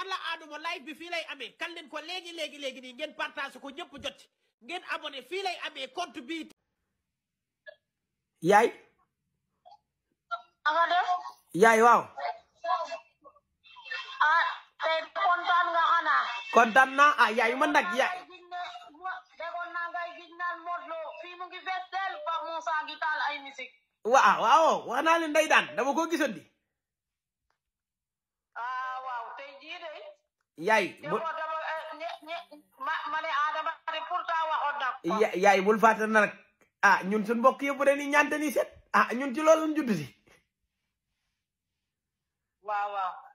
alla aaduma live bi fii lay amee kan leen ko léegi léegi léegi nii ngeen partage ko ñëpp jot ngeen abonné fii lay ame compte bi yaay. yaay waaw. ah tey ah, yaay man nag yaay. a naa ngay leen day daan dama ko gisoon yaay bu yaay bul fàtte rek ah ñun suñ mbokk yëpp ren nii ñaante ni set ah ñun ci loolu lañ judd si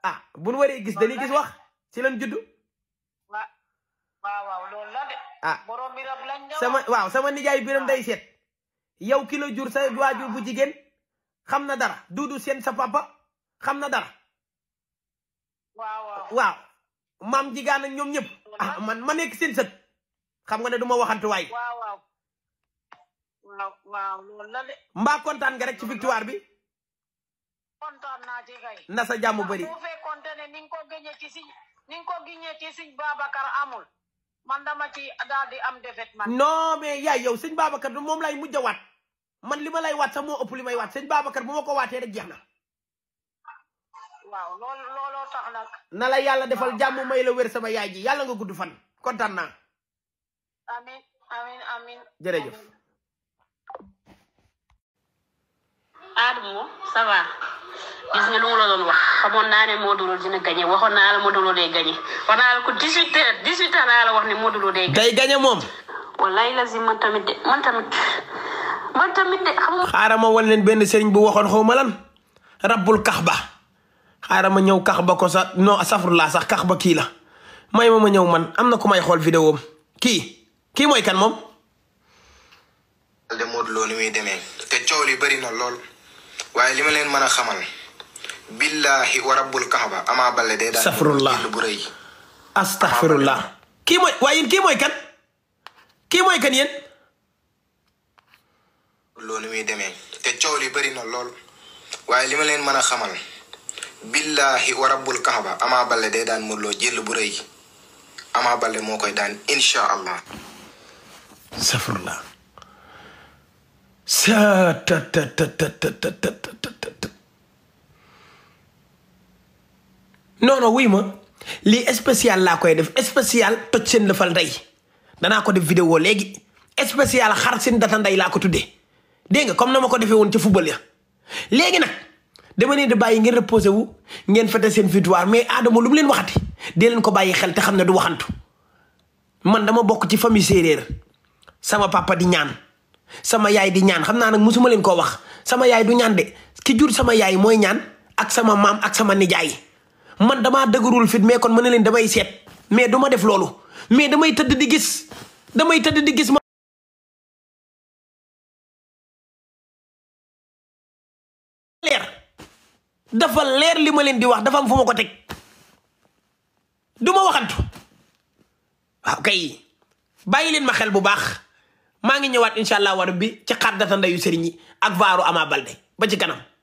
ah buñ waree gis dañuy gis wax ci lañ judd waaw waaw loolu la de ah sama waaw sama nijaay biram day ah. seet yow kilo jur sa waajur bu jigéen xam na dara duudu seen sa papa xam na dara waaw maam jigaan ak ñoom ñëpp ah man ma nekk seen sët xam nga ne du ma waxantu waay. waaw waaw waaw waaw loolu la de. mbaa kontaan nga rek ci victoire bi. kontaan naa ci kay. na sa jàmm bëri. bu fekkoon ne ni nga ko gëñee ci siñ ni nga ko gëñee ci siñ Babacar amul man dama ci daal di am défaite yow sëñ Babacar du moom lay mujj a waat man li ma lay waat sax moo ëpp li may waat sëñ Babacar bu ma ko waatee rek jeex na. waaw loolu looloo tax yàlla defal jàmm may la wér sama yaay ji yàlla nga gudd fan kontaan naa. amin moom amin jërëjëf. Adamo ça wax xamoon naa ne Modou Lo waxoon naa la Modou Lo day gagné ko 18 wax ne Modou Lo day. day gagné moom. wallaay lazim man tamit de man tamit de xam nga. xaaral ma wan benn sëriñ bu waxoon xaw ma lan rabbul kaxba. xaaral ma ñëw kax ba ko sa non safrulaa sax kax ba kii la may ma ma ñëw man am na ku may xool vidéo am kii kii mooy kan moom. de Modou muy demee te coow li bëri na lool waaye li ma leen mën a xamal. billahi wa rabbul kaaba Ama Baldé day daal. safrulaa bu rëy. astaghfirullah kii mooy waaye yéen kii mooy kan kii mooy kan yéen. loolu muy demee te coow li bari na lool waaye li ma leen mën a xamal. billahi wa rabbul kaaba Ama Baldé day daan Modou Lo jël bu rëy Ama moo koy daan incha allah. safurla. saa ta ta ma lii spécial laa koy def spécial toj seen lëfal ndey danaa ko def video léegi spécial xar seen data ndey laa ko tuddee dégg nga comme na ma ko defee woon ca football ya léegi nag. dama leen di bàyyi ngeen reposé wu ngeen fete seen victoire mais Adamo lu mu leen waxati dee leen ko bàyyi xel te xam ne du waxantu man dama bokk ci famille séeréer sama papa di ñaan sama yaay di ñaan xam naa nag musuma leen koo wax sama yaay du ñaan de ki jur sama yaay mooy ñaan ak sama maam ak sama nijaay man dama dëgërul fit mais kon mën ne leen damay seet mais duma def loolu mais damay tëdd di gis damay tëdd di gis ma dafa leer li ma leen di wax dafa am fu ma ko teg duma ma waxantu waaw kay bàyyi leen ma xel bu baax maa ngi ñëwaat incha allah war bi ci xar data ndeyu sëriñ yi ak waaru Ama Balde ba ci kanam.